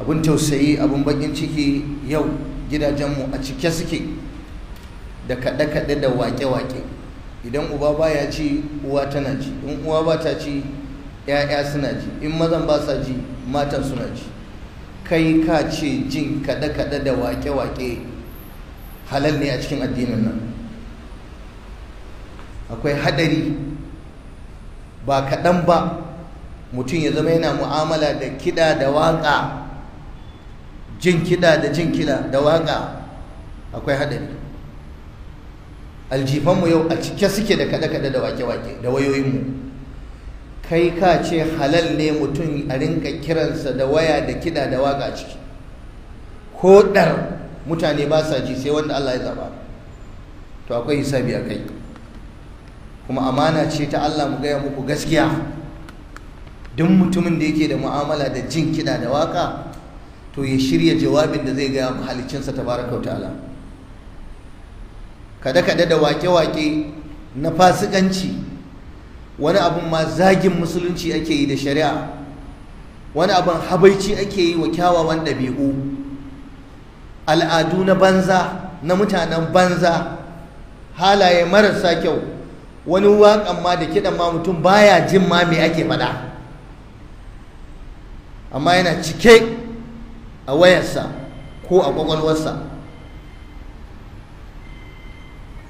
abin tausayi abin bakin ciki yau gidajenmu a cike suke da kaɗe-kaɗe da wake-wake idan uba baya ci uwa tana ci in uwa ba ta ci 'ya'ya suna ji in mazan ba sa ji matan suna ji kai ka ce jin kaɗe-kaɗe da wake-wake halal ne a cikin addinin nan akwai hadari ba kaɗan ba mutum ya zama yana mu'amala da kiɗa da waƙa jin kiɗa da jin kiɗa da waƙa akwai haɗari aljifanmu yau a cike suke da kaɗe-kaɗe da wake-wake da wayoyinmu kai ka ce halal ne mutum a rinka kiransa da waya da kiɗa da waƙa ciki ko ɗar mutane ba sa ji sai wanda Allah ya zaba to akwai hisabi a kai kuma amana ce ta Allah mu gaya muku gaskiya duk mutumin da yake da mu'amala da jin kiɗa da waƙa to ya shirya jawabin da zai gaya mahalicinsa tabaraka wa ta'ala kada-kada da wake-wake na fasikanci wani abin ma zagin musulunci ake yi da shari'a wani abin habaici ake yi wa kyawawan ɗabi'u al'adu na banza na mutanen banza halaye marasa kyau wani waƙan ma da kiɗan ma mutum baya jin ma me ake faɗa amma yana cike a wayarsa ko a kwakwalwarsa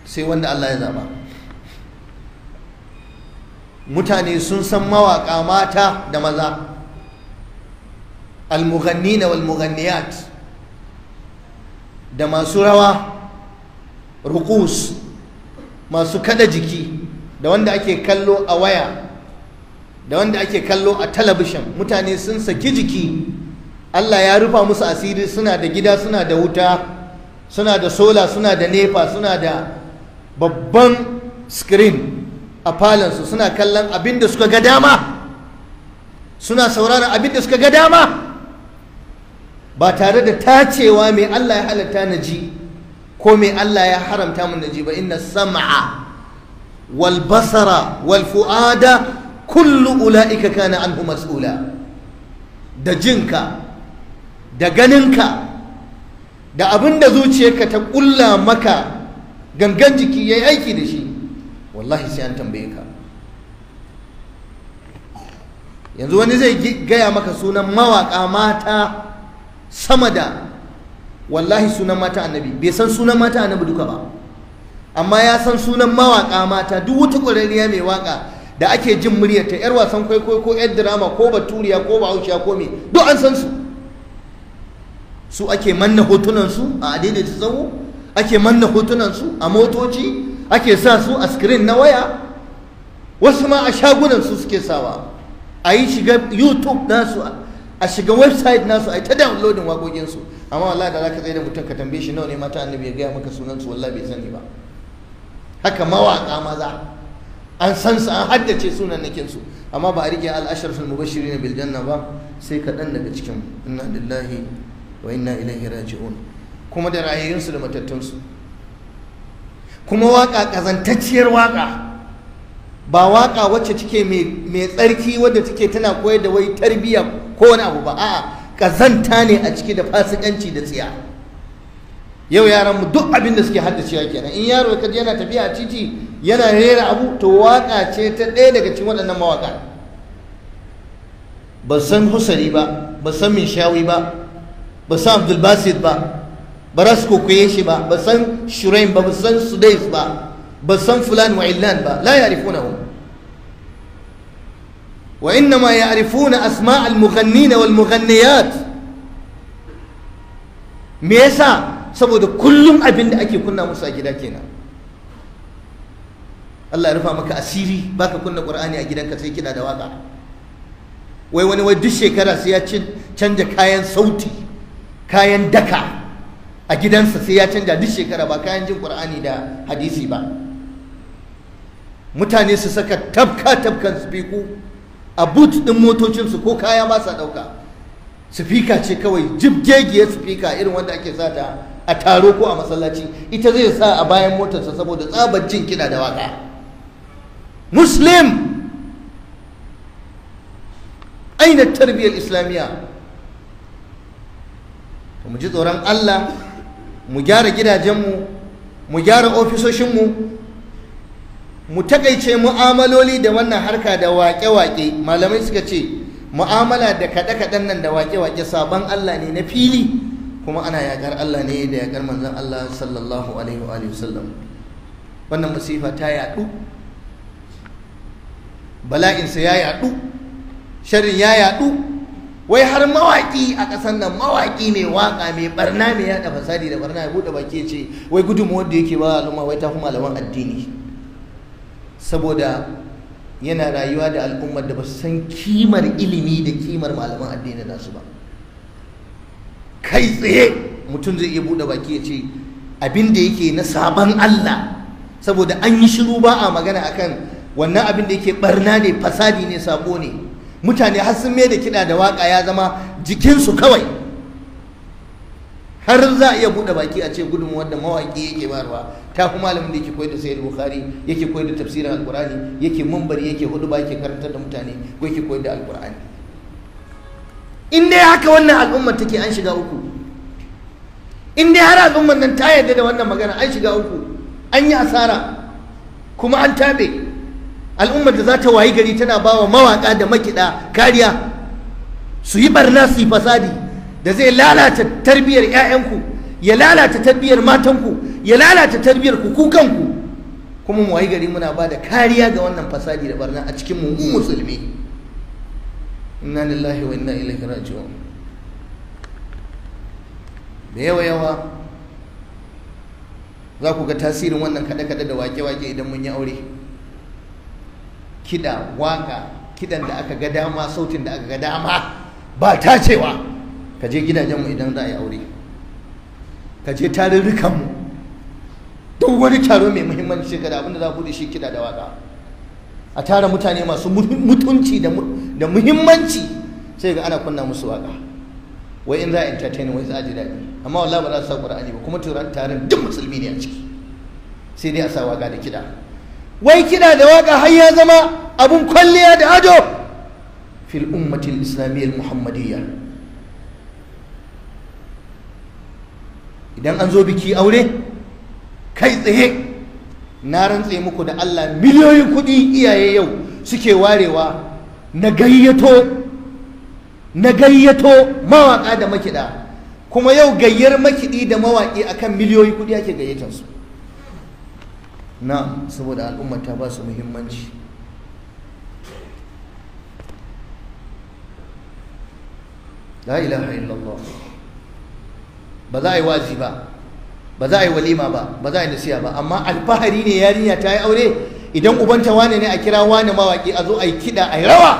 sai wanda Allah ya zaba mutane sun san mawaƙa mata da maza na walmughanniyat da masu rawa rukus masu kada jiki da wanda ake kallo a waya da wanda ake kallo a talabishin mutane sun saki jiki Allah ya rufa musu asiri suna da gida suna da wuta suna da sola suna da nefa suna da babban screen a falansu suna kallon abin da suka ga dama suna sauraron abin da suka ga dama ba tare da tacewa mai Allah ya halatta na ji ko mai Allah ya haramta mun na ji ba inna sam'a wal basara wal fu'ada kullu ula'ika kana anhu mas'ula da jinka da ganinka da abin da zuciyarka ta ƙulla maka gangan jiki ya yi aiki da shi wallahi sai an tambaye ka yanzu wani zai gaya maka sunan mawaƙa mata sama da wallahi sunan mata annabi bai san sunan mata annabi duka ba amma ya san sunan mawaƙa mata duk wata ƙwararriya mai waka da ake jin muryarta 'yar wasan kwaikwayo ko 'yar dirama ko baturiya ko bahaushiya ko me duk an san su su ake manna hotunansu a adaidaita tsawo ake manna hotunansu a motoci ake sa su a screen na waya wasu ma a shagunansu suke sawa a yi shiga youtube nasu a shiga website nasu a yi ta downloadin waƙoƙinsu amma wallah da za ka tsaye da mutum ka tambaye shi nawa ne mata annabi ya gaya maka sunansu wallahi bai sani ba haka mawaƙa maza an san su an haddace sunan nakinsu amma ba a rike al-ashrafil mubashirin bil janna ba sai kaɗan daga cikin inna wa inna ilaihi raji'un kuma da ra'ayoyinsu da matattunsu kuma waka kazantacciyar waka ba waka wacce take mai tsarki wadda take tana koyar da wai tarbiyya ko wani abu ba a'a kazanta ne a ciki da fasikanci da tsiya yau yaran mu duk abin da suke haddacewa kenan in yaro kaje yana tafiya a titi yana rera abu to waka ce ta ɗaya daga cikin waɗannan mawaka ba san husari ba ba san min shawi ba ba san abdulbasit ba ba ras kokoye shi ba ba san shurain ba ba san sudais ba ba san fulan wa illan ba la ya'rifunahum wa innama ya'rifuna asma' al-mughannina wal mughanniyat me yasa saboda kullum abin da ake kunna musu a gida kenan Allah ya rufa maka asiri baka kunna Qur'ani a gidanka sai kida da waka wai wani wai duk shekara sai ya canja kayan sauti kayan daka a gidansa sai ya canja duk shekara ba kayan jin ƙur'ani da hadisi ba mutane su saka tafka tafkan spiku a boot din motocinsu ko kaya ba sa dauka sifika ce kawai jibgegiyar sifika irin wanda ake sata a taro ko a masallaci ita zai sa a bayan motarsa saboda tsabar jin kiɗa da waka muslim aina tarbiyyar islamiyya mu ji tsoron Allah mu gyara gidajenmu mu gyara ofisoshinmu mu takaice mu'amaloli da wannan harka da waƙe-waƙe malamai suka ce mu'amala da kaɗe-kaɗen nan da waƙe-waƙe sabon Allah ne na fili kuma ana yaƙar Allah ne da yaƙar manzon Allah sallallahu alaihi wa sallam wannan musifa ta yaɗu bala'insa ya yaɗu sharrin ya yaɗu wai har mawaki a ƙasar nan mawaki mai waka mai barna mai yada fasadi da barna ya buɗe baki ce wai gudunmuwar da yake ba al'umma wai fi malaman addini saboda yana rayuwa da al'ummar da ba su san kimar ilimi da kimar malaman addini nasu ba kai tsaye mutum zai iya buɗe baki ya ce abin da yake na sabon Allah saboda an yi shiru ba a magana akan wannan abin da yake barna ne fasadi ne sabo ne mutane har sun mai da kiɗa da waƙa ya zama jikinsu kawai har za a iya buɗe baki a ce gudun wanda mawaƙi yake barwa ta fi malamin da yake koyar da sayyid bukari yake koyar da tafsirin alƙur'ani yake mambari yake hudu ba yake karantar da mutane ko yake koyar da alƙur'ani in dai haka wannan al'ummar take an shiga uku in dai har al'ummar nan ta yarda da wannan magana an shiga uku an yi asara kuma an tabe al'ummar da za ta wayi gari tana ba wa mawaka da makiɗa kariya su yi barna su yi fasadi da zai lalata tarbiyyar 'ya'yanku ya lalata tarbiyyar matanku ya lalata tarbiyyar ku ku kanku kuma mu wayi gari muna ba da kariya ga wannan fasadi da barna a cikin mu musulmi inna lillahi wa inna ilaihi raji'un da yawa yawa za ku ga tasirin wannan kaɗe-kaɗe da wake-wake idan mun yi aure kiɗa waka kiɗan da aka ga dama sautin da aka ga dama ba ta cewa. ka je gidajenmu idan za a yi aure ka je tarurrukanmu duk wani taro mai muhimmanci shekara abinda za a buɗe shi kiɗa da waka a tara mutane masu mutunci da muhimmanci sai ga ana kunna musu waka wai in za a entertain wai za a ji daɗi amma wallahi ba za su sa ƙur'ani ba kuma taron duk musulmi ne a ciki sai dai a sa waka da kiɗa wai kiɗa da waƙa har ya zama abun kwalliya da ado fil ummatil islamiyyar muhammadiyya idan an zo biki aure kai tsaye na rantse muku da allah miliyoyin kuɗi iyaye yau suke warewa na gayyato na gayyato mawaƙa da makiɗa kuma yau gayyar makiɗi da mawaƙi akan miliyoyin kuɗi ake gayyatar su na saboda al'umma ta ba su muhimmanci la ilaha illallah ba za a yi wazi ba ba za a yi walima ba ba za a yi nasiya ba amma alfahari ne yarinya ta yi aure idan ubanta wane ne a kira wane mawaƙi a zo a yi kiɗa a yi rawa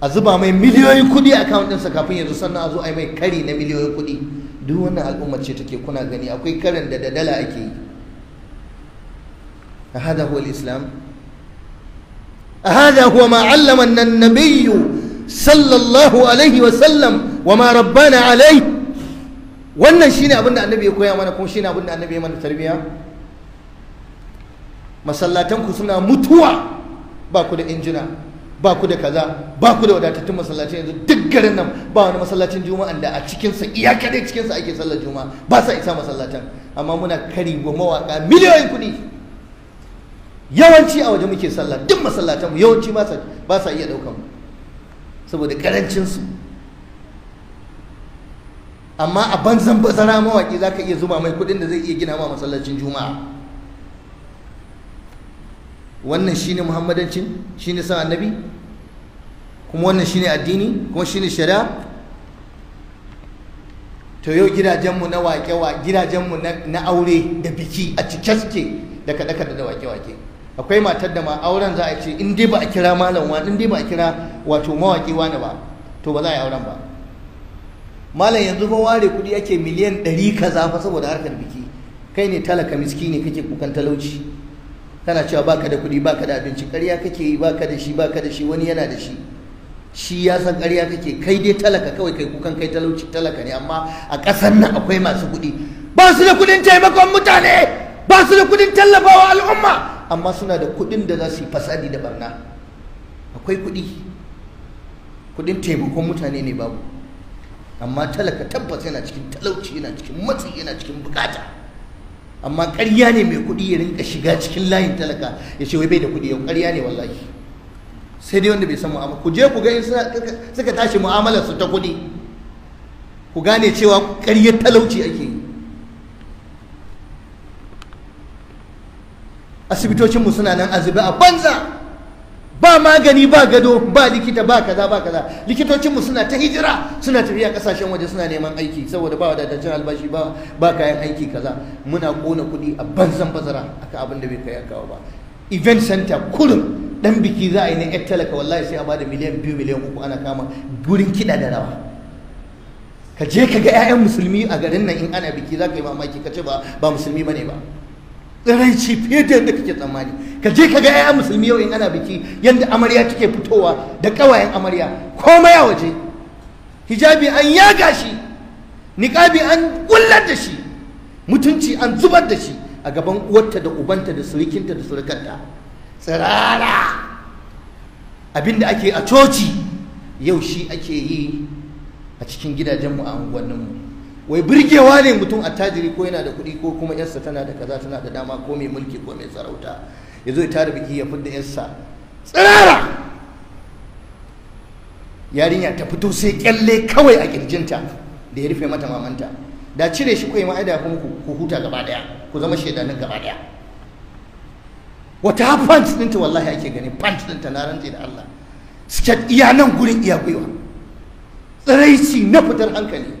a zuba mai miliyoyin kuɗi a kawun ɗinsa kafin yanzu sannan a zo a yi mai kari na miliyoyin kuɗi duk wannan al'ummar ce take kuna gani akwai karin da da dala ake yi هذا هو الإسلام هذا هو ما علمنا النبي صلى الله عليه وسلم وما ربنا عليه wannan shine abin da annabi ya koya mana kuma shine abin da annabi ya mana tarbiya masallatan ku suna mutuwa ba ku da injina ba ku da kaza ba ku da wadatattun masallaci yanzu duk garin nan ba wani masallacin juma'a da a cikinsa iyaka dai cikinsa ake sallar juma'a ba sa isa masallatan amma muna kari wa mawaka miliyoyin kuɗi yawanci a waje muke sallah duk masallatanmu yawanci ba sa iya ɗaukan mu saboda ƙarancinsu amma a banzan bazara mawaƙi za ka iya zuba mai kuɗin da zai iya gina ma masallacin juma'a wannan shine muhammadancin shine san annabi kuma wannan shine addini kuma shine shari'a to yau gidajenmu na waƙe wa, gidajenmu na aure da biki a cike suke da kaɗe-kaɗe da waƙe-waƙe akwai matar da ma auren za a ce in dai ba a kira malam wani in dai ba a kira wato mawaki wani ba to ba za a yi auren ba malam yanzu fa ware kuɗi ake miliyan ɗari kaza fa saboda harkar biki kai ne talaka miski ne kake kukan talauci kana cewa baka da kuɗi baka da abinci ƙarya kake yi baka da shi baka da shi wani yana da shi shi ya san ƙarya kake kai dai talaka kawai kai kukan kai talauci talaka ne amma a ƙasar nan akwai masu kuɗi ba su da kuɗin taimakon mutane ba su da kuɗin tallafawa al'umma amma suna da kuɗin da za su yi fasadi da barna akwai kuɗi kuɗin taimakon mutane ne babu amma talaka tabbas yana cikin talauci yana cikin matsi yana cikin bukata amma ƙarya ne mai kuɗi ya rinka shiga cikin layin talaka ya ce wai bai da kuɗi yau ƙarya ne wallahi sai dai wanda bai san mu'amala ku je ku ga in suka tashi mu'amalar su ta kuɗi ku gane cewa ƙaryar talauci ake yi asibitocinmu suna nan azube a banza ba magani ba gado ba likita ba kaza ba kaza likitocinmu suna ta hijira suna tafiya kasashen waje suna neman aiki saboda ba wadataccen albashi ba ba kayan aiki kaza muna kona kuɗi a banzan bazara aka abin da bai kai kawo ba event center kurum dan biki za a yi na yar talaka wallahi sai a bada miliyan biyu miliyan uku ana kama gurin kiɗa da rawa ka je ka ga 'ya'yan musulmi a garin nan in ana biki za ka yi mamaki ka ce ba musulmi ba ne ba tsiraici fiye da yadda kake tsammani ka je ka ga 'ya'ya musulmi yau in ana biki yadda amarya take fitowa da ƙawayen amarya komai a waje hijabi an yaga shi niƙabi an kullar da shi mutunci an zubar da shi a gaban uwarta da ubanta da surikinta da surukanta tsirara abinda ake a coci yau shi ake yi a cikin gidajenmu a unguwanninmu wai birgewa ne mutum attajiri ko yana da kuɗi ko kuma yarsa tana da kaza tana da dama ko mai mulki ko mai sarauta ya zo ya tara biki ya fidda yarsa tsirara yarinya ta fito sai kyalle kawai a kirjinta da ya rufe mata mamanta da cire shi kai ma'aida kuma ku huta gaba daya ku zama shaidanin gaba daya wata pants ɗinta wallahi ake gani pants ta na rantsi da Allah siket iya nan gurin iya gwiwa tsiraici na fitar hankali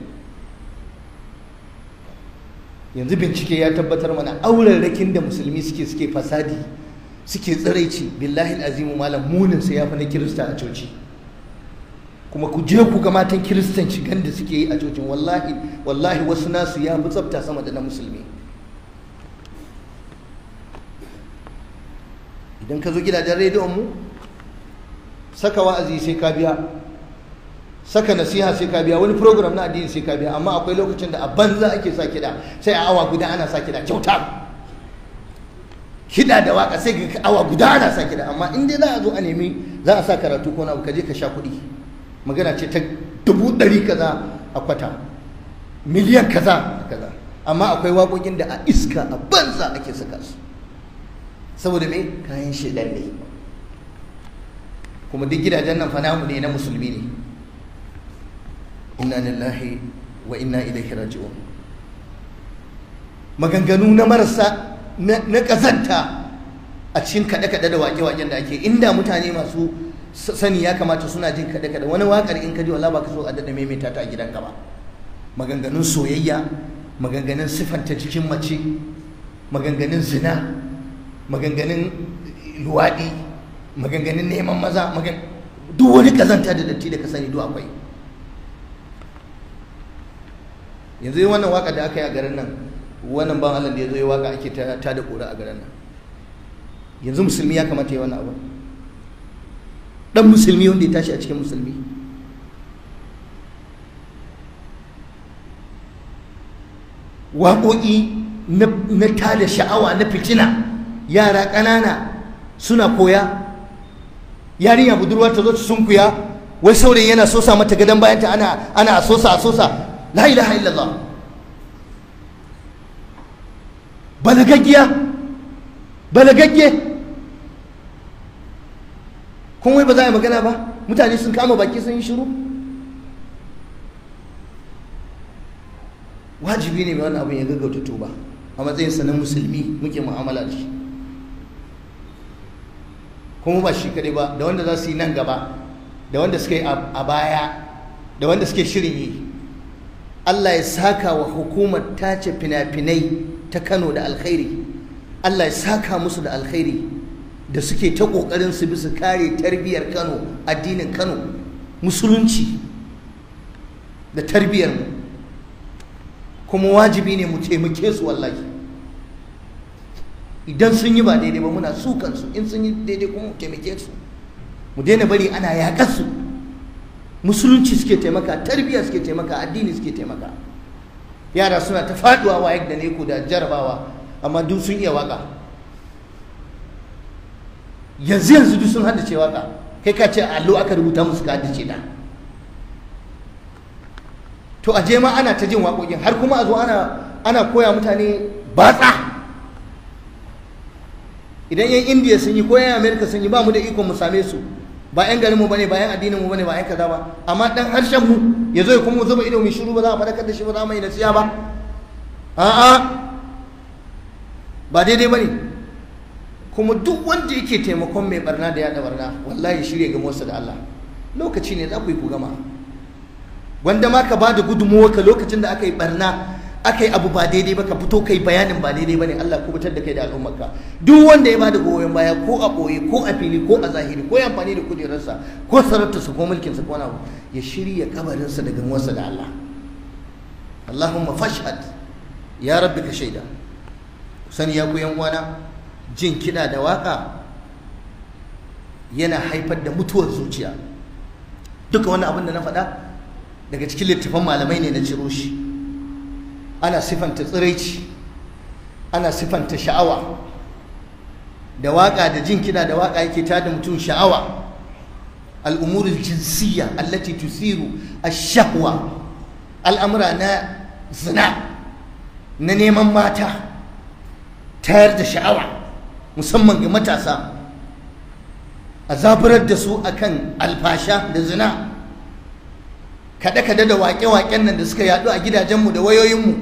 yanzu bincike ya tabbatar mana rakin da musulmi suke suke fasadi suke tsiraici billahi azimu malam munin sai ya fi na kirista a coci kuma ku je ku ga matan kiristan shigan da suke yi a cocin wallahi wasu nasu ya fi tsafta sama da na musulmi idan ka zo gidajen rediyon mu saka wa'azi sai ka biya saka nasiha sai ka biya wani program na addini sai ka biya amma akwai lokacin da a banza ake sa kiɗa sai a awa guda ana sa kiɗa kyauta kiɗa da waka sai ga awa guda ana sa kiɗa amma in dai za a zo a nemi za a sa karatu ko na abu ka sha kuɗi magana ce ta dubu ɗari kaza a kwata miliyan kaza kaza amma akwai waƙoƙin da a iska a banza ake saka su saboda me kayan shedan ne kuma duk gidajen nan fa namu ne na musulmi ne inna lillahi wa inna ilaihi raji'un maganganu na marasa na kazanta a cikin kaɗe-kaɗe da wake waken da ake inda mutane masu sani ya kamata suna jin kaɗe-kaɗe wani wakar in ka ji wala baka so a daɗa maimaita ta a gidanka ba maganganun soyayya maganganun sifanta jikin mace maganganun zina maganganun luwaɗi maganganun neman maza duk wani kazanta da datti da ka sani duk akwai yanzu yi wannan waka da aka yi a garin nan wannan ban Allah da ya zo yi waka ake ta da kura a garin nan yanzu musulmi ya kamata ya wani abu dan musulmi wanda ya tashi a cikin musulmi waƙoƙi na tada sha'awa na fitina yara ƙanana suna koya yarinya budurwa ta zo ta sunkuya wai saurayi yana sosa mata gadon bayanta ana ana sosa a sosa la ilaha illallah balagaggiya balagagge kun wai ba za a yi magana ba mutane sun kama baki sun yi shiru wajibi ne mai wannan abin ya gaggauta tuba a matsayinsa sanin musulmi muke mu'amala da shi kuma ba shi kaɗai ba da wanda za su yi nan gaba da wanda suka yi a baya da wanda suke shirin yi Allah ya saka wa hukumar tace fina-finai ta Kano da alkhairi Allah ya saka musu da alkhairi da suke ta ƙoƙarin su bisa kare tarbiyar Kano addinin Kano musulunci da tarbiyar mu kuma wajibi ne mu taimake su wallahi idan sun yi ba daidai ba muna su kansu in sun yi daidai kuma mu taimake su mu daina bari ana yaƙar su musulunci suke taimaka tarbiyya suke taimaka addini suke taimaka yara suna ta faduwa wa da ne ko da jarabawa amma duk sun iya waka yanzu yanzu duk sun haddace waka kai ka ce allo aka rubuta musu ka haddace da to a je ma ana ta jin waƙoƙin har kuma a zo ana koya mutane batsa idan yan indiya sun yi ko yan amerika sun yi ba mu da ikon mu same su ba yan garinmu bane ba yan addininmu bane ba yan kaza ba amma dan harshen mu ya zo ya kuma zuba ido mai shiru ba za a faɗakar da shi ba za mai nasiya ba a'a ba daidai bane kuma duk wanda yake taimakon mai barna da yada barna wallahi shirya ga motsa da Allah lokaci ne za ku yi ku gama wanda ma ka ba da gudunmuwa ka lokacin da aka yi barna aka yi abu ba daidai ba ka fito kai bayanin ba daidai ba ne Allah ko fitar da kai da al'ummarka duk wanda ya bada goyon baya ko a ɓoye ko a fili ko a zahiri ko ya amfani da kujerarsa ko sarautarsa ko mulkinsa ko abu ya shirya kabarinsa da gamuwarsa da Allah Allahumma fashhad ya rabbi ka shaida sani ya ku yan jin kiɗa da waka yana haifar da mutuwar zuciya duka wannan abin da na faɗa daga cikin littafan malamai ne na ciro shi ana sifanta tsiraici ana sifanta sha'awa da waƙa da jin kiɗa da waƙa yake tada mutum sha'awa al'umurul jinsiyya allati tusiru a shahwa al'amura na zina na neman mata tayar da sha'awa musamman ga matasa a zaburar da su akan alfasha da zina kaɗe-kaɗe da waƙe-waƙen nan da suka yaɗu a gidajenmu da wayoyinmu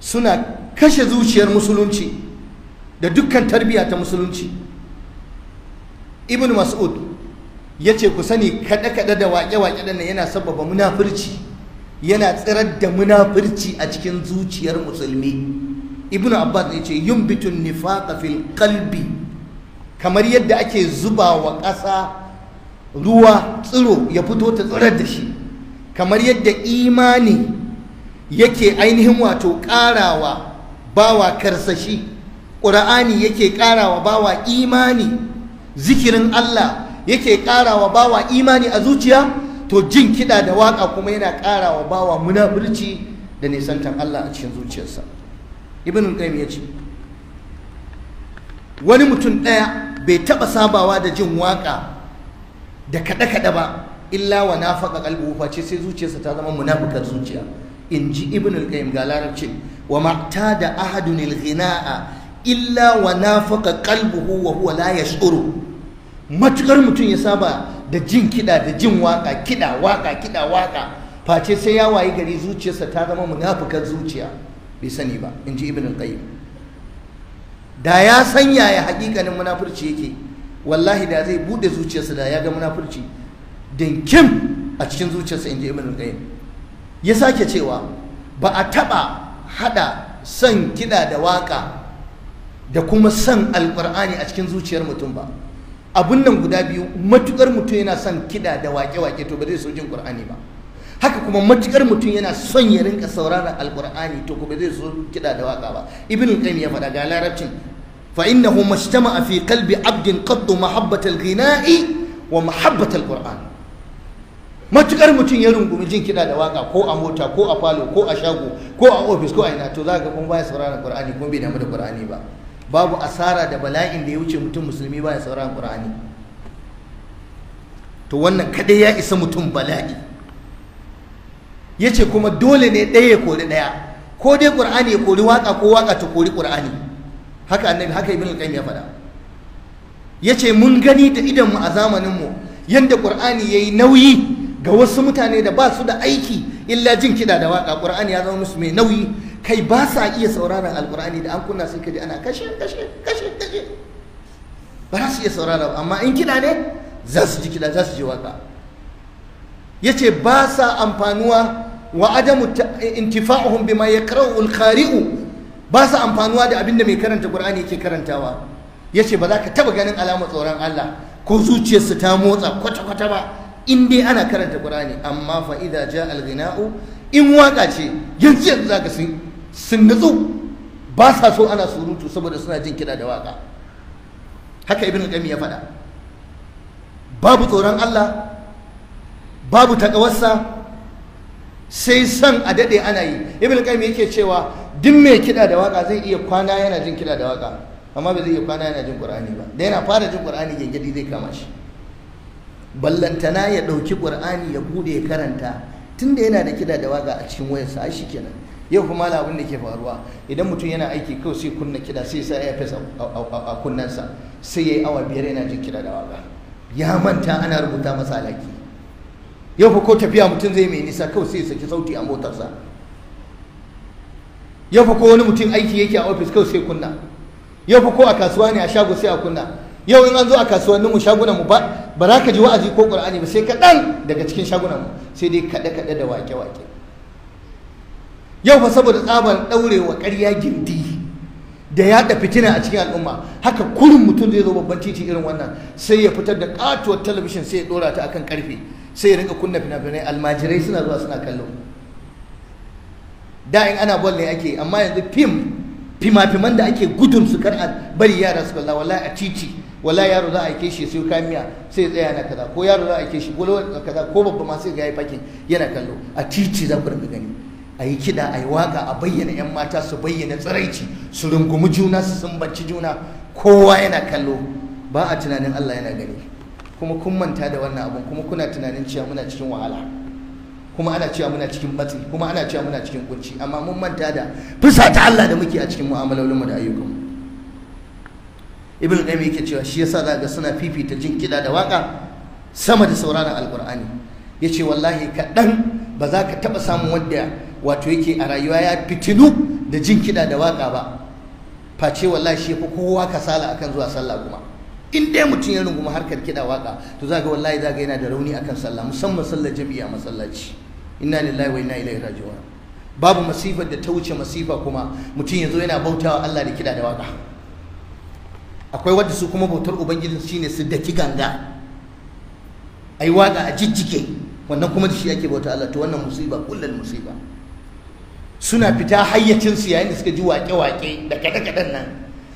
suna kashe zuciyar musulunci da dukkan tarbiyya ta musulunci ibn mas'ud ya ce ku sani kaɗe-kaɗe da waƙe-waƙe nan yana sababa munafurci yana tsirar da munafurci a cikin zuciyar musulmi ibn abbas ya ce yin bitun nifaqa fil kalbi kamar yadda ake zuba wa ƙasa ruwa tsiro ya fito ta tsirar da shi kamar yadda imani yake ainihin wato ƙarawa bawa karsashi ƙura'ani yake ƙarawa bawa imani zikirin Allah yake ƙarawa bawa imani a zuciya to jin kiɗa da waƙa kuma yana ƙarawa bawa munafurci da nisantan Allah a cikin zuciyarsa ibn qayyim ya ce wani mutum ɗaya bai taɓa sabawa da jin waƙa da kaɗe-kaɗe ba illa wa nafaqa kalbu fa ce sai zuciyarsa ta zama munafikar zuciya in ji ibn al-qayyim ga larabcin wa mata da ahadun al-ghina'a illa wa faka kalbuhu wa huwa la yash'uru matukar mutum ya saba da jin kida da jin waka kida waka kida waka face sai ya wayi gari zuciyarsa ta zama munafikar zuciya bai sani ba in ji ibn al-qayyim da ya san yaya hakikanin munafurci yake wallahi da zai bude zuciyarsa da ya ga munafurci dinkim a cikin zuciyarsa inji ibn qayyim ya sake cewa ba a taɓa haɗa son kiɗa da waka da kuma son alkur'ani a cikin zuciyar mutum ba abun nan guda biyu matukar mutum yana son kiɗa da wake-wake to ba zai so jin qur'ani ba haka kuma matukar mutum yana son ya rinka sauraron alkur'ani to ba zai so kiɗa da waka ba ibn qayyim ya faɗa ga larabcin fa innahu a fi kalbi 'abdin qaddu mahabbata gina'i wa mahabbata matukar mutum ya rungumi jin kiɗa da waka ko a mota ko a falo ko a shago ko a ofis ko a ina to za ka kuma baya sauraron qur'ani kuma bai damu da qur'ani ba babu asara da bala'in da ya wuce mutum musulmi baya sauraron qur'ani to wannan kadai ya isa mutum bala'i yace kuma dole ne ɗaya ya kori ɗaya ko dai qur'ani ya kori waka ko waka ta kori qur'ani haka annabi haka ibn al-qayyim ya faɗa yace mun gani da idan mu a zamanin mu yanda qur'ani yayi nauyi ga wasu mutane da ba su da aiki illa jin kiɗa da waƙa ƙur'ani ya zama musu mai nauyi kai ba sa iya sauraron alƙur'ani da an kunna sai ka ji ana kashe kashe kashe kashe ba za su iya sauraron, amma in kiɗa ne za su ji kiɗa za su ji waƙa ya ce ba sa amfanuwa wa adamu intifa'uhum bima yakra'u al-qari'u ba sa amfanuwa da abinda mai karanta Qur'ani yake karantawa yace ba za ka taba ganin alamar tsoron Allah ko zuciyarsu ta motsa kwata-kwata ba in dai ana karanta qur'ani amma fa idza jaa al-ghina'u in waka ce yanzu yanzu zaka sun sun nutsu ba sa so ana surutu saboda suna jin kiɗa da waka haka ibn al ya faɗa babu tsoron Allah babu takawarsa sai san a daɗe ana yi ibn qayyim yake cewa duk mai kiɗa da waka zai iya kwana yana jin kiɗa da waka amma ba zai iya kwana yana jin qur'ani ba da yana fara jin qur'ani gengedi zai kama shi ballantana ya ɗauki ƙur'ani ya bude ya karanta tunda yana da kiɗa da waga a cikin wayarsa ai shi kenan yau kuma la abin da ke faruwa idan mutum yana aiki kawai sai kunna kiɗa sai sa ya fesa a kunnensa sai ya yi awa biyar yana jin kiɗa da waga ya manta ana rubuta masa alaki yau fa ko tafiya mutum zai mai nisa kawai sai ya saki sauti a motarsa yau fa ko wani mutum aiki yake a ofis kawai sai kunna yau fa ko a kasuwa ne a shago sai a kunna yau in an zo a kasuwannin mu shagunan mu ba ba za ka ji wa'azi ko qur'ani ba sai kaɗan daga cikin shagunan mu sai dai kaɗe kaɗe da wake wake yau fa saboda tsaban ɗaurewa ƙarya gindi da yaɗa fitina a cikin al'umma haka kurin mutum zai zo babban titi irin wannan sai ya fitar da katuwar talabishin sai ya ɗora ta akan karfe sai ya rinka kunna fina-finai almajirai suna zuwa suna kallo da in ana bol ne ake amma yanzu fim fima-fiman da ake gudun su kar a bari yara su kalla wallahi a titi wala yaro za a aike shi sai kayan miya sai tsaya na kaza ko yaro za a aike shi ko kaza ko babba ma sai ga yayi fakin yana kallo a titi za ku rinka gani a yi kiɗa a yi waƙa a bayyana 'yan mata su bayyana tsiraici su rungumi juna su sumbanci juna kowa yana kallo ba a tunanin Allah yana gani kuma kun manta da wannan abun kuma kuna tunanin cewa muna cikin wahala kuma ana cewa muna cikin matsi kuma ana cewa muna cikin kunci amma mun manta da fusata Allah da muke a cikin mu'amalolinmu da ayyukanmu ibn qayyim yake cewa shi yasa za suna fifita jin kida da waka sama da sauraron alqur'ani yace wallahi kaɗan ba za ka taɓa samun wanda wato yake a rayuwa ya fitinu da jin kiɗa da waka ba face wallahi shi fa kowa kasala akan zuwa sallah kuma in dai mutum ya runguma harkar kiɗa waka to za wallahi za yana da rauni akan sallah musamman sallar jami'a masallaci inna lillahi wa inna ilaihi raji'un babu masifar da ta wuce masifa kuma mutum ya zo yana bautawa Allah da kiɗa da waka akwai wadda su kuma bautar ubangiji shine su daki ganga ai waka a jijjike wannan kuma da shi ake bauta Allah to wannan musiba kullal musiba suna fita hayyacin su yayin da suka ji waƙe-waƙe da kada-kadan nan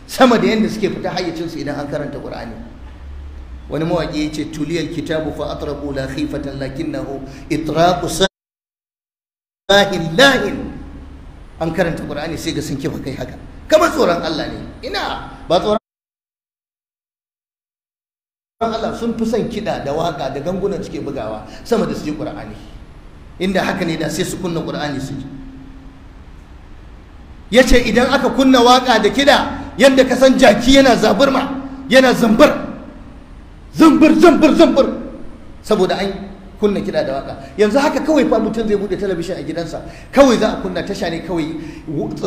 sama da yanda suke fita hayyacin idan an karanta Qur'ani wani mawaki yace tuliyal kitabu fa atraqu la khifatan lakinnahu itraqu sahin an karanta Qur'ani sai ga sun kifa kai haka kamar tsoron Allah ne ina ba tsoron Allah sun fi son kiɗa da waƙa da ganguna suke bugawa sama da su yi ƙur'ani inda haka ne da sai su kunna ƙur'ani su ya ce idan aka kunna waƙa da kiɗa yadda ka san jaki yana ma yana zambar zambar zambar zambar saboda an kunna kiɗa da waƙa yanzu haka kawai fa mutum zai buɗe talabishin a gidansa kawai za a kunna tasha ne kawai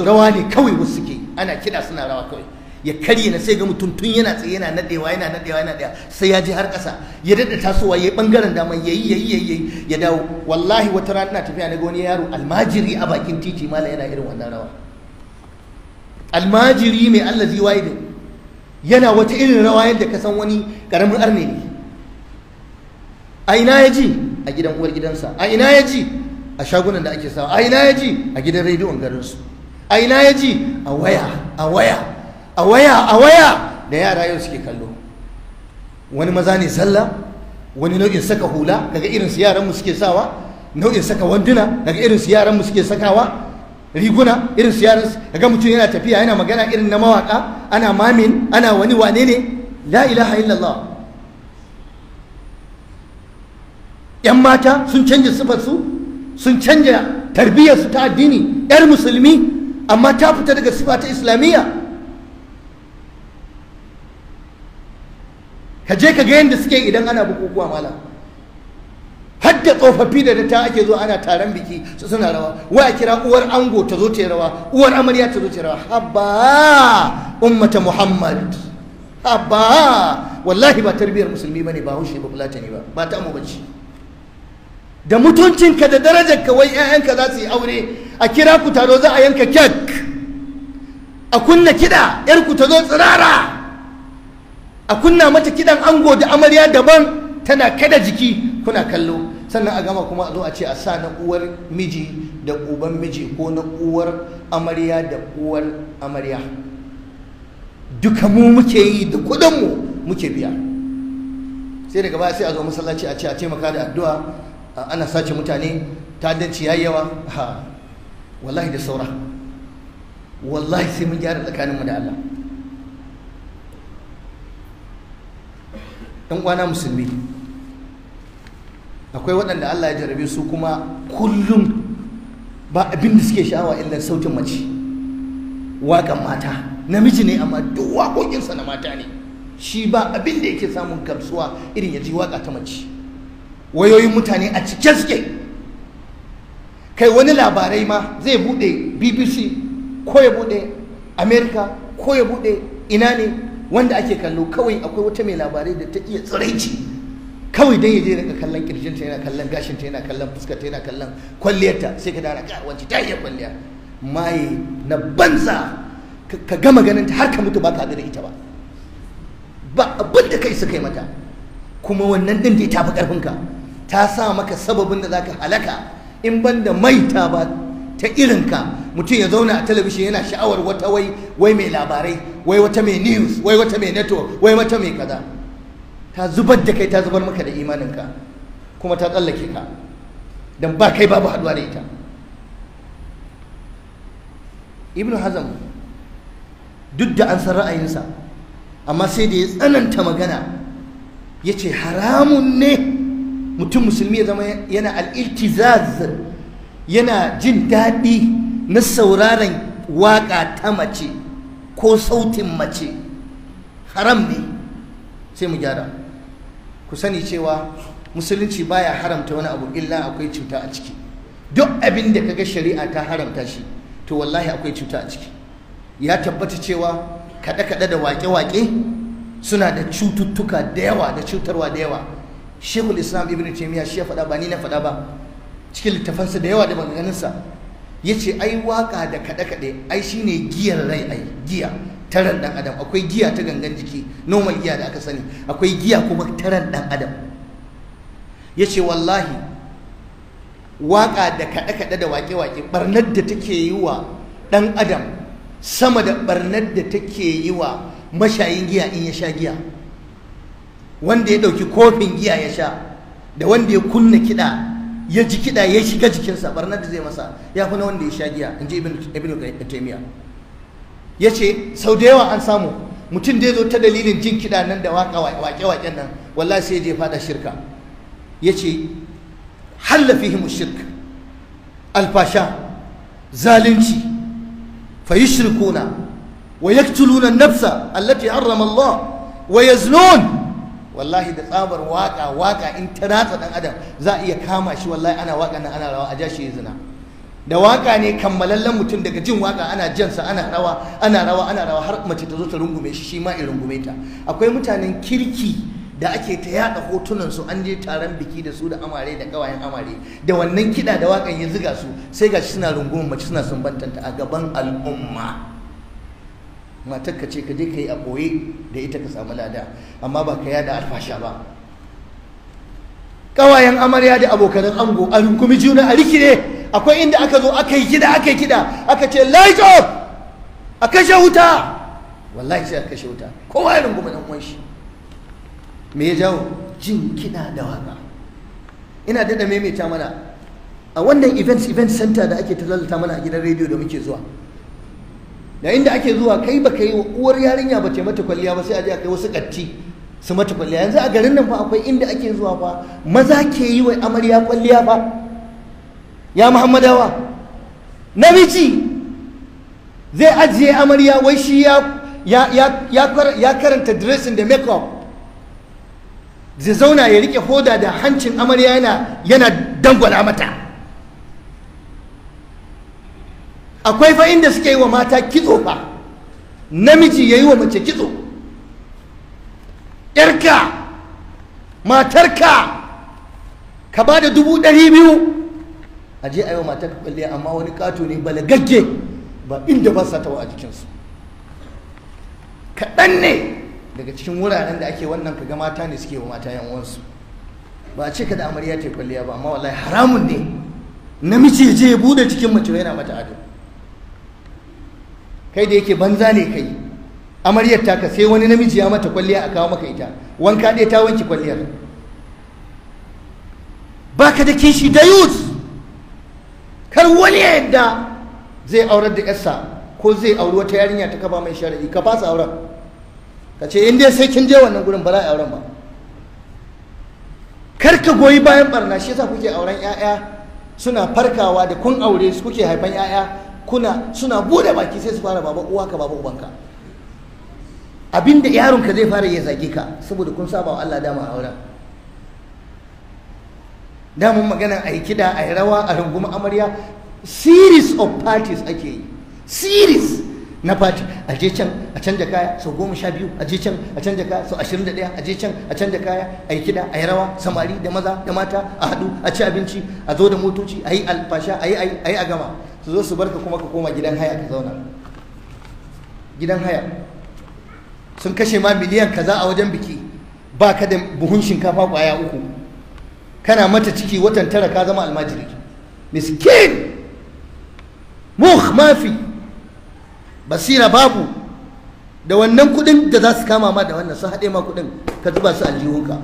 rawa ne kawai wasu suke ana kiɗa suna rawa kawai ya karye na sai ga mutum tun yana tsaye yana nadewa yana nadewa yana daya sai ya ji har ƙasa ya dada tasowa yayi bangaren dama yayi yayi yayi ya dawo wallahi wata rana ina tafiya na ga wani yaro almajiri a bakin titi mala yana irin wannan rawa almajiri mai allazi da yana wata irin rawa yadda ka san wani karamin arne ne a ina ya ji a gidan uwar gidansa a ina ya ji a shagunan da ake sawa a ina ya ji a gidan rediyon garinsu a ina ya ji a waya a waya a waya a waya da yara yau suke kallo wani maza ne sallah wani nau'in saka hula daga irin su yaran mu suke sawa nau'in saka wanduna daga irin su yaran mu suke sakawa riguna irin su yaran daga mutum yana tafiya yana magana irin na mawaka ana mamin ana wani wane ne la ilaha illallah yan mata sun canja su, sun canja tarbiyyarsu ta addini yar musulmi amma ta fita daga sifa ta islamiyya ka je ka ga yadda suke idan ana bukukuwa malam har da tsofaffi da ta ake zo ana taron biki su suna rawa Wa ya kira uwar ango ta zo ta rawa uwar amarya ta zo ta rawa habba ummata muhammad habba wallahi ba tarbiyar musulmi bane ba hushe ba fulatani ba ba ta mu da mutuncinka da darajarka wai 'ya'yanka za su yi aure a kira ku taro za a yanka kek a kunna kiɗa 'yarku ta zo tsirara a kunna mata kidan ango da amarya daban tana kada jiki kuna kallo sannan a gama kuma a zo a ce a sa na uwar miji da uban miji ko na uwar amarya da uwar amarya duka mu muke yi da kudinmu muke biya sai daga baya sai a zo masallaci a ce a taimaka da addu'a ana sace mutane danci yayi yawa wallahi da saura wallahi sai mun gyara tsakaninmu da Allah ɗan kwana musulmi akwai waɗanda Allah ya jarabe su kuma kullum ba abin da suke sha'awa illa sautin mace waƙan mata namiji ne amma duk waƙoƙinsa na mata ne shi ba abin da yake samun gamsuwa irin ya ji waƙa ta mace wayoyin mutane a cike suke kai wani labarai ma zai buɗe bbc ko ya bude Amerika ko ya bude ina ne wanda ake kallo kawai akwai wata mai labarai da ta iya tsiraici kawai dan yaje rinka kallon kirjinta yana kallon gashinta yana kallon fuskarta yana kallon kwalliyarta sai ka dara ka wance ta iya kwalliya maye na banza ka gama ganin ta har ka mutu ba ka da ita ba ba abin da kai suka yi mata kuma wannan din da ta fi ka ta sa maka sababin da zaka halaka in banda mai ta ba ta irinka mutum ya zauna a talabishin yana sha'awar wata wai mai labarai wai wata mai news wai wata mai network wai wata mai kaza ta zubar da kai ta zubar maka da imaninka kuma ta tsallake ka don ba kai babu haduwa da ita ibnu hazam duk da an san ra'ayinsa amma sai da ya tsananta magana ya ce haramun ne mutum musulmi ya zama yana al'iltizaz yana jin daɗi na sauraron waƙa ta mace ko sautin mace haram ne sai mu gyara ku sani cewa musulunci baya haramta wani abu illa akwai cuta a ciki duk abin da kaga shari'a ta haramta shi to wallahi akwai cuta a ciki ya tabbata cewa kaɗe-kaɗe da waƙe-waƙe suna da cututtuka da yawa da cutarwa da yawa shekul islam ibn taimiyya shi ya faɗa ba ni na faɗa ba cikin littafansa da yawa da maganganunsa ya ce ai waka da kaɗe-kaɗe ai shine giyar rai ai giya taran ɗan adam akwai giya ta gangan jiki normal giya da aka sani akwai giya kuma taran ɗan adam ya ce wallahi waka da kaɗe-kaɗe da wake-wake barnar da take yi wa ɗan adam sama da barnar da take yi wa mashayin giya in ya sha giya wanda ya ɗauki kofin giya ya sha da wanda ya kunna kiɗa ya ji kiɗa ya shiga jikinsa barnar da zai masa ya fi na wanda ya sha giya in ji ibn taimiya. ya ce sau da yawa an samu mutum da ya zo ta dalilin jin kiɗa nan da waƙe-waƙen nan wallahi sai ya je faɗa shirka ya ce hallafihim shirk alfasha zalunci fa yushrikuna wa yaqtuluna nafsa allati harrama Allah wa yaznun wallahi da tsabar waka waka in ta ratsa dan adam za a iya kama shi wallahi ana waka nan ana rawa a ja shi zina da waka ne kammalallen mutum daga jin waka ana jansa ana rawa ana rawa ana rawa har mace ta zo ta rungume shi shi ma rungume ta akwai mutanen kirki da ake ta yada hotunan su an je taron biki da su da amare da kawayen amare da wannan kida da wakan ya ziga su sai ga suna rungume mace suna sumbantanta a gaban al'umma matar ka ce ka je ka yi a boye da ita ka samu lada amma ba ka yada alfasha ba kawayen amarya da abokanan ango a rungumi juna a rikire akwai inda aka zo aka yi gida aka yi gida aka ce light off a kashe wuta wallahi sai a kashe wuta kowa ya rungumi dan uwan shi me ya jawo jin kida da waka ina dada maimaita mana a wannan events event center da ake ta lalata mana a gidan rediyo da muke zuwa Da inda ake zuwa kai baka yi uwar yarinya ba ce mata kwalliya ba sai a je a kai wasu katti su mata kwalliya yanzu a garin nan fa akwai inda ake zuwa fa maza ke yi wa amarya kwalliya fa ya muhammadawa namiji zai ajiye amarya wai shi ya ya karanta dressing da makeup zai zauna ya rike hoda da hancin amarya yana yana dangwala mata akwai fa inda suke yi wa mata kitso fa namiji ya yi wa mace kitso yarka matarka ka ba da dubu ɗari biyu a je a yi wa matarka kwalliya amma wani kato ne balagagge ba inda ba sa tawa a jikinsu kaɗan ne daga cikin wuraren da ake wannan kaga mata ne suke wa mata yan ba a ce ka da amarya ta kwalliya ba amma wallahi haramun ne namiji ya je ya bude cikin mace yana mata ado kai da yake banza ne kai amaryar taka sai wani namiji ya mata kwalliya a kawo maka ita wanka ɗaya ta wanki kwalliyar Ba ka da kishi da yus kar wani yadda zai aurar da yarsa ko zai auri wata yarinya ta kafa mai shari'i ka fasa auren ka ce in dai sai kin je wannan gurin ba za a auren ba kar ka goyi bayan barna shi yasa kuke auren 'ya'ya suna farkawa da kun aure su kuke haifan 'ya'ya kuna suna bude baki sai su fara baba uwa ka baba ubanka abinda yaron ka zai fara ya zage ka saboda kun saba wa Allah dama a wurin damun magana a yi kida a rawa a runguma amarya series of parties ake yi series na party a je can a canja kaya sau goma sha biyu a je can a canja kaya sau ashirin da ɗaya a je can a canja kaya a yi kiɗa a yi rawa samari da maza da mata a haɗu a ci abinci a zo da motoci a yi alfasha a yi a gama su zo su barka kuma ka koma gidan haya ka zauna gidan haya sun kashe ma miliyan kaza a wajen biki ba ka da buhun shinkafa kwaya uku kana mata ciki watan tara ka zama almajiri miskin muh mafi basira babu da wannan kudin da za su kama ma da wannan sun haɗe ma kudin ka zuba su aljihunka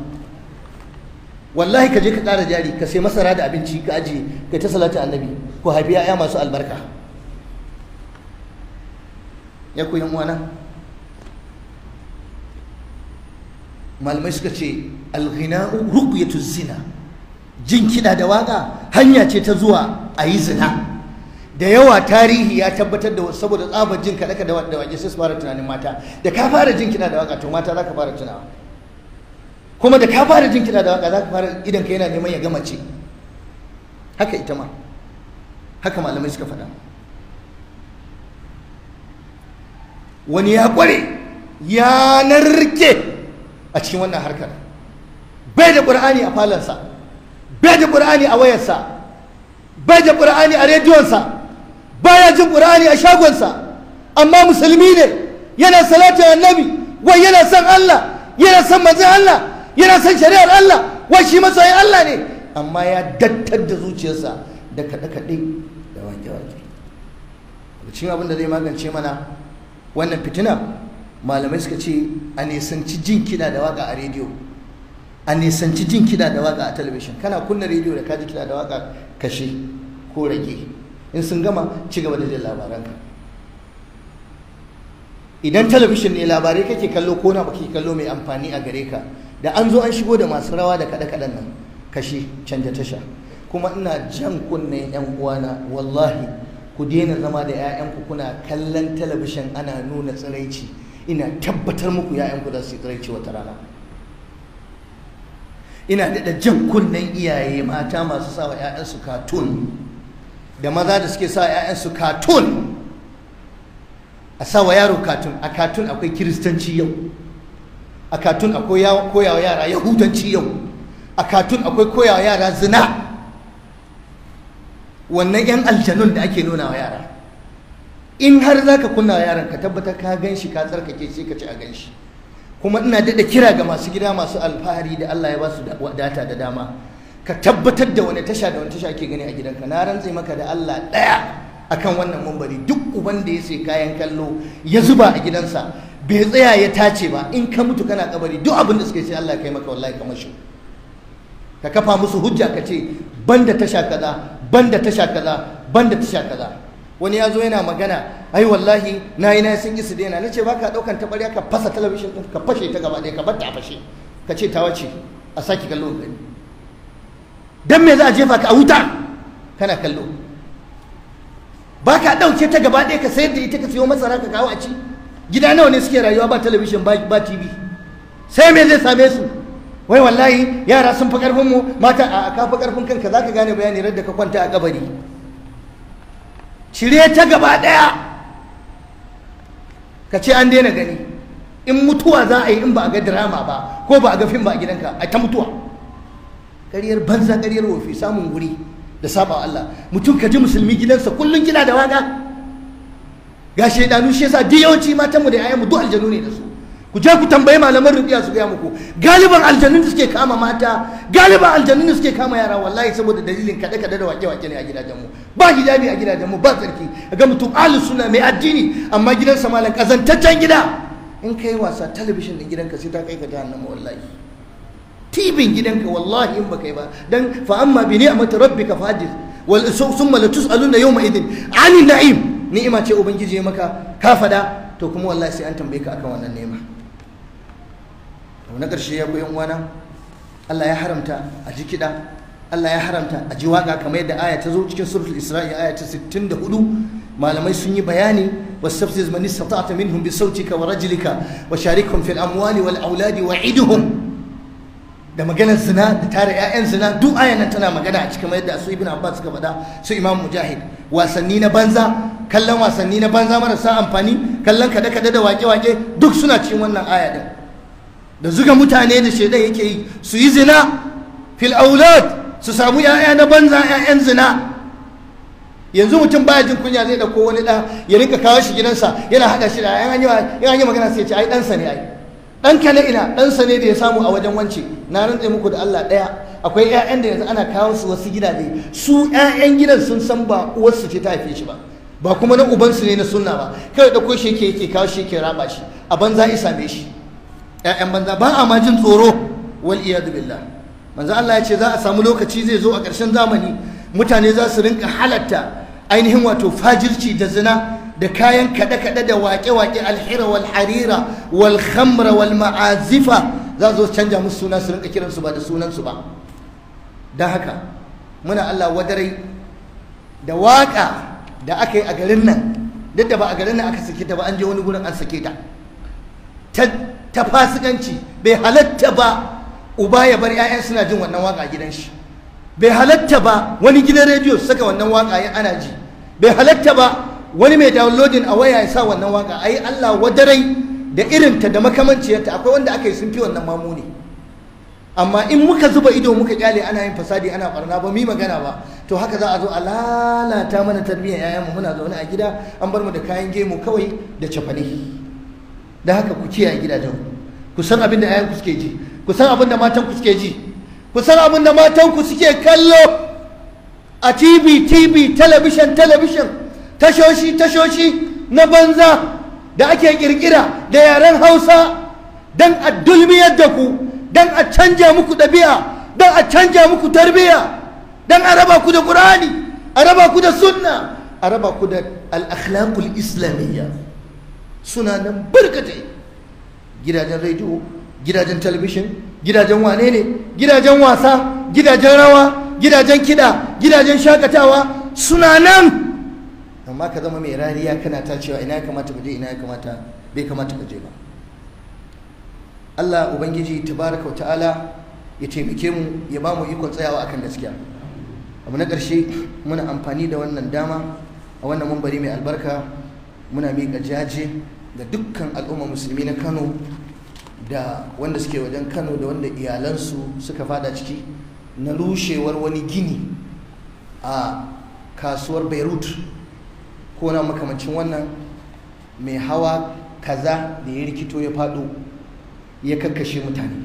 wallahi ka je ka ƙara jari ka sai masara da abinci ka ajiye ka ta salatu annabi ku haifi ya'ya masu albarka ya ku yin uwana malamai suka ce alghina'u ruqyatu zina jin kiɗa da waƙa hanya ce ta zuwa a yi zina da yawa tarihi ya tabbatar da saboda tsabar jin kaɗe da waje sai su fara tunanin mata da ka fara jin kiɗa da waka to mata za ka fara tunawa kuma da ka fara jin kiɗa da waka za ka fara idan ka yana neman ya gama ce haka ita ma haka malamai suka faɗa wani ya ƙware ya narke a cikin wannan harkar bai da ƙur'ani a falonsa bai da ƙur'ani a wayarsa bai da ƙur'ani a rediyonsa baya jin ƙur'ani a shagonsa amma musulmi ne yana salatu annabi wai yana son Allah yana son manzon Allah yana son shari'ar Allah wai shi masoyin Allah ne amma ya dattar da zuciyarsa da kaɗe-kaɗe cikin abin da zai magance mana wannan fitina malamai suka ce a nisanci jin kiɗa da waka a rediyo a nisanci jin kiɗa da waka a talabishin kana kunna rediyo da kaji kiɗa da waka kashe ko rage in sun gama ci gaba da jin labaranka idan talabishin ne labarai kake kallo ko na baki kallo mai amfani a gare ka da an zo an shigo da masu rawa da kaɗe-kaɗen nan kashe canja tasha kuma ina jan kunne yan uwana wallahi ku daina zama da 'ya'yanku kuna kallon talabishin ana nuna tsiraici ina tabbatar muku 'ya'yanku za su yi tsiraici wata rana ina daɗa jan kunnen iyaye mata masu sawa 'ya'yansu katun da maza da suke sawa 'ya'yansu katun a sawa yaro katun a katun akwai kiristanci yau a katun akwai koyawa yara yahudanci yau a katun akwai koyawa yara zina wannan yan aljanun da ake nuna wa yara in har za ka kunna wa yaran, ka tabbatar ka gan shi ka tsarkake shi ka ci a gan shi kuma ina daɗa kira ga masu gida masu alfahari da Allah ya ba su data da dama ka tabbatar da wani tasha da wani tasha ake gani a gidanka na rantse maka da Allah ɗaya akan wannan mambari duk uban da ya sai kayan kallo ya zuba a gidansa bai tsaya ya tace ba in ka mutu kana kabari duk abin da suka sai Allah ya kai maka wallahi kamar shi ka kafa musu hujja ka ce banda tasha kaza banda tasha kaza banda tasha kaza wani ya zo yana magana ai wallahi na yi na sun yi su daina na ce ba ka ɗaukan tabarya ka fasa talabishin ɗin ka fashe ta gaba ɗaya ka batta a fashe ka ce ta wace a saki kallo gani dan me za a jefa ka a wuta kana kallo ba ka ɗauke ta gaba ɗaya ka sayar da ita ka siyo masara ka kawo a ci gida nawa ne suke rayuwa ba talabishin ba tv sai me zai same su wai wallahi yara sun fi karfin mu mata a ka fi karfin kanka zaka gane bayani radda ka kwanta a kabari cire ta gaba daya ka ce an daina gani in mutuwa za a yi in ba a ga drama ba ko ba a ga fim ba a gidanka a ta mutuwa Karyar banza karyar wofi samun guri da saba Allah mutum ka ji musulmi gidansa kullum gida da waga ga shaidanu shi yasa duk yawanci matanmu da 'ya'yanmu duk aljanu ne da su ku je ku tambayi malaman rubiya su gaya muku galiban aljanun da suke kama mata galiban aljanun da suke kama yara wallahi saboda dalilin kada kada da wake wake ne a gidajen mu ba hijabi a gidajen mu ba tsarki ga mutum ahlus sunna mai addini amma gidansa malam kazantaccen gida in kai wasa talabishin din gidanka sai ta kai ka jahannama wallahi tibin gidanka wallahi in baka yi ba dan fa amma bi ni'mat rabbika fajir wal thumma la tus'aluna yawma idin ani na'im ni'ima ce ubangiji maka ka fada to kuma wallahi sai an tambaye ka akan wannan ni'ima abu na ƙarshe ya koyan uwana, Allah ya haramta a ji kiɗa Allah ya haramta a ji waƙa kamar yadda aya ta zo cikin suratul isra'i aya ta 64 malamai sun yi bayani واستفزز من استطعت منهم بصوتك ورجلك وشاركهم في الاموال والاولاد وعدهم da maganar zina da tara 'ya'yan zina duk ayan tana magana a cikin yadda su ibn abbas suka faɗa su imam mujahid wasanni na banza kallon wasanni na banza marasa amfani kallon kada kada da wake wake duk suna cikin wannan aya din da zuga mutane da shaidan yake yi su yi zina fil aulad su samu ya'ya na banza ya'yan zina yanzu mutum baya jin kunya zai dauko wani da ya rinka kawo shi gidansa yana hada shi da yan an yi magana sai ya ce ai ɗansa ne ai Dan na ina ɗansa ne da ya samu a wajen wance na rantse muku da Allah daya akwai 'ya'yan da yanzu ana kawo su wasu gidaje su 'ya'yan gidan sun san ba uwarsu ce ta haife shi ba ba kuma na ubansu ne na sunna ba kawai ko shi yake yake kawo shi yake raba shi a banza isa same shi Yayan banza ba a ma jin tsoro wal iyadu billah manzo Allah ya ce za a samu lokaci zai zo a ƙarshen zamani mutane za su rinka halatta ainihin wato fajirci da zina da kayan kaɗe-kaɗe da waƙe-waƙe alhira wal harira wal khamra wal ma'azifa za zo canja musu suna su rinka kiransu ba da sunansu ba don haka muna Allah wadarai da waƙa da aka yi a garin nan duk da ba a garin nan aka sake ta ba an je wani gurin an sake ta ta fasikanci bai halatta ba uba ya bar 'ya'yan suna jin wannan waka a gidan shi bai halatta ba wani gidan rediyo su saka wannan waka ya ana ji bai halatta ba wani mai downloading a waya ya sa wannan waka ai Allah wadarai da irinta da makamanciyarta akwai wanda aka yi sun fi wannan mamuni amma in muka zuba ido muka kyale ana yin fasadi ana barna ba mi magana ba to haka za a zo a lalata mana tarbiyyar mu muna zaune a gida an bar mu da kayan gemu kawai da cafane da haka ku kiyaye gidajen ku san abin da ayanku suke ji ku san abin da matan ku suke ji ku san abin da matan ku suke kallo a tv tv television television tashoshi tashoshi na banza da ake kirkira da yaren hausa Dan a dulmiyar da ku Dan a canja muku ɗabi'a Dan a canja muku tarbiyya Dan a raba ku da ƙur'ani a raba ku da sunna a raba ku da al-akhlaqul islamiyya suna nan barkatai gidajen radio, gidajen television gidajen wane ne gidajen wasa gidajen rawa gidajen kida, gidajen shakatawa suna nan amma ka zama mai rariya kana ta cewa ina ya kamata ka je ina ya kamata bai kamata ka je ba Allah ubangiji tabaraka ta'ala ya taimake mu ya ba mu ikon tsayawa akan gaskiya abu na ƙarshe muna amfani da wannan dama a wannan mambari mai albarka muna miƙa jaje da dukkan al'umma musulmi na kano da wanda suke wajen kano da wanda iyalansu suka fada ciki na rushewar wani gini a kasuwar beirut ko na makamancin wannan mai hawa kaza da ya rikito ya fado ya kakkashe mutane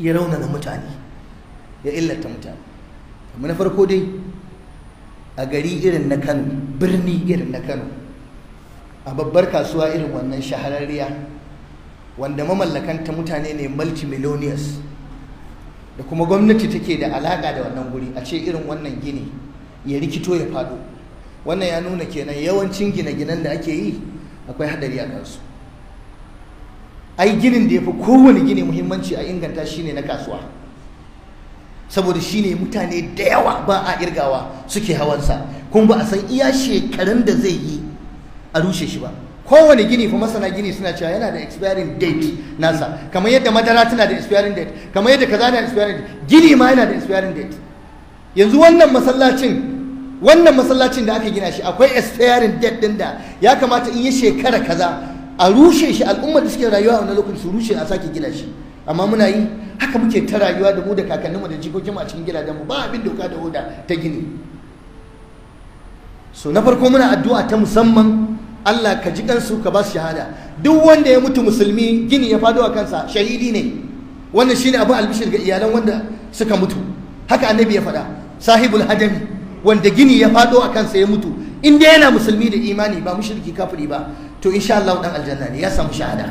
ya raunana mutane ya illata mutane na farko dai a gari irin na kano birni irin na kano a babbar kasuwa irin wannan shahararriya wanda mamallakanta mutane ne multi multimillionaires da kuma gwamnati take da alaƙa da wannan guri a ce irin wannan gini ya rikito ya faɗo wannan ya nuna kenan yawancin gine-ginen da ake yi akwai hadari a kansu ai ginin da ya fi kowane gini muhimmanci a inganta shine na kasuwa saboda shine mutane da yawa ba a irgawa suke hawansa kuma ba a san iya shekarun da zai yi a rushe shi ba kowane gini fa masana gini suna cewa yana da expiring date nasa kamar yadda madara tana da expiring date kamar yadda kaza na expiring date gini ma yana da expiring date yanzu wannan masallacin wannan masallacin da aka gina shi akwai expiring date din da ya kamata in yi shekara kaza a rushe shi al'ummar da suke rayuwa a wannan lokacin su rushe a sake gina shi amma muna yi haka muke ta rayuwa da mu da kakanninmu da jikokin a cikin gidajenmu ba abin doka da oda ta gini so na farko muna addu'a ta musamman Allah ka ji kansu ka ba su shahada duk wanda ya mutu musulmi gini ya fado a kansa shahidi ne wannan shine abin albishir ga iyalan wanda suka mutu haka annabi ya faɗa sahibul hadami wanda gini ya fado a kansa ya mutu in dai yana musulmi da imani ba mushriki kafiri ba to insha Allah dan aljanna ne ya samu shahada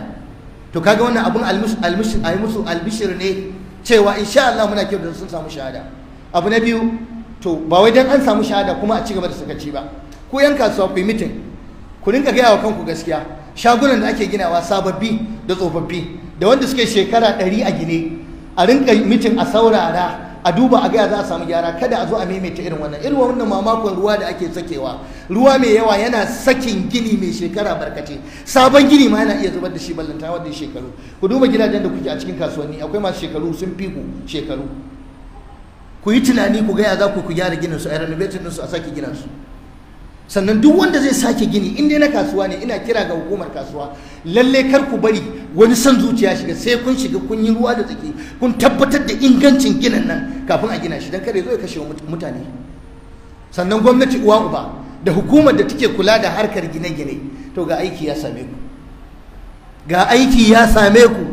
to kaga wannan abin almusu albishir ne cewa insha Allah muna kyau da sun samu shahada abu na biyu to ba wai dan an samu shahada kuma a ci gaba da sakaci ba ko yan kasuwa ku yi ku rinka gaya wa kanku gaskiya shagunan da ake ginawa sababbi da tsofaffi da wanda suke shekara ɗari a gine a rinka mitin a saurara a duba a gaya za a samu gyara kada a zo a maimaita irin wannan irin wannan mamakon ruwa da ake sakewa ruwa mai yawa yana sakin gini mai shekara barkace sabon gini ma yana iya zubar da shi ballanta wadda shekaru ku duba gidajen da kuke a cikin kasuwanni akwai masu shekaru sun fi ku shekaru ku yi tunani ku gaya za ku gyara ginin su a renovating din su a sake ginin su sannan duk wanda zai sake gini in dai na kasuwa ne ina kira ga hukumar kasuwa lalle kar ku bari wani son zuciya shiga sai kun shiga kun yi ruwa da tsaki kun tabbatar da ingancin ginin nan kafin a gina shi don kare zo ya kashe mutane sannan gwamnati uwa uba da hukumar da take kula da harkar gine-gine to ga aiki ya same ku ga aiki ya same ku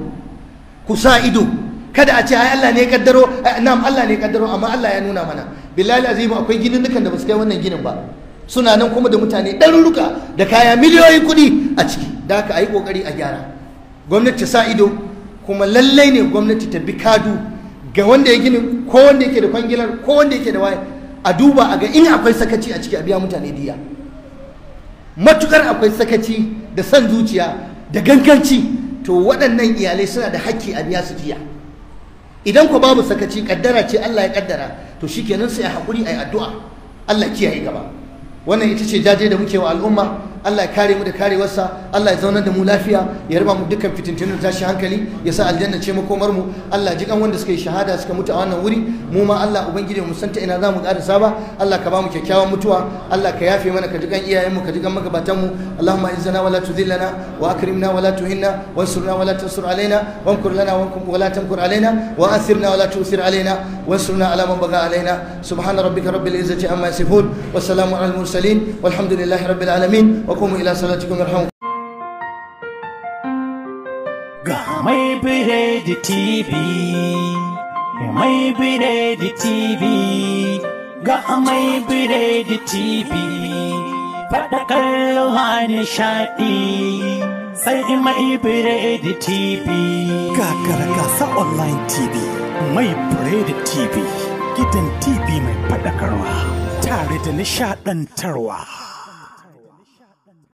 ku sa ido kada a ce ai Allah ne ya kaddaro na'am Allah ne ya kaddaro amma Allah ya nuna mana billahi azim akwai ginin dukan da ba su kai wannan ginin ba suna nan kuma da mutane ɗaruruka da kaya miliyoyin kuɗi a ciki da aka yi ƙoƙari a gyara gwamnati ta sa ido kuma lallai ne gwamnati ta bi kadu ga wanda ya gini ko wanda yake da kwangilar ko wanda yake da waya a duba a ga in akwai sakaci a ciki a biya mutane diya matukar akwai sakaci da san zuciya da ganganci to waɗannan iyalai suna da hakki a biya su diya idan ku babu sakaci kaddara ce Allah ya kaddara to shikenan sai a haƙuri a yi addu'a Allah kiyaye gaba wannan ita ce jaje da muke wa al'umma Allah ya kare mu da karewarsa Allah ya zaunar da mu lafiya ya raba mu dukkan fitintunan tashi hankali ya sa aljanna ce makomar mu Allah ji kan wanda suka yi shahada suka mutu a wannan wuri mu ma Allah ubangiji mu santa ina za mu karasa ba Allah ka ba mu kyakkyawan mutuwa Allah ka yafe mana ka dukan iyayen mu ka dukan magabatan mu Allahumma izzana wala tudhillana wa akrimna wala tuhinna wansurna wala tansur alaina wamkur lana wala tamkur alaina wa asirna wala tusir alaina wansurna ala man baga alaina subhana rabbika rabbil izzati amma yasifun wa salamun al mursalin walhamdulillahi rabbil alamin Ga mai biredi TV, mai biredi TV, ga mai biredi TV, faɗa nishaɗi, sai mai biredi TV. Kakara gasa online TV, mai biredi TV, gidan TV mai faɗakarwa, tare da nishaɗantarwa.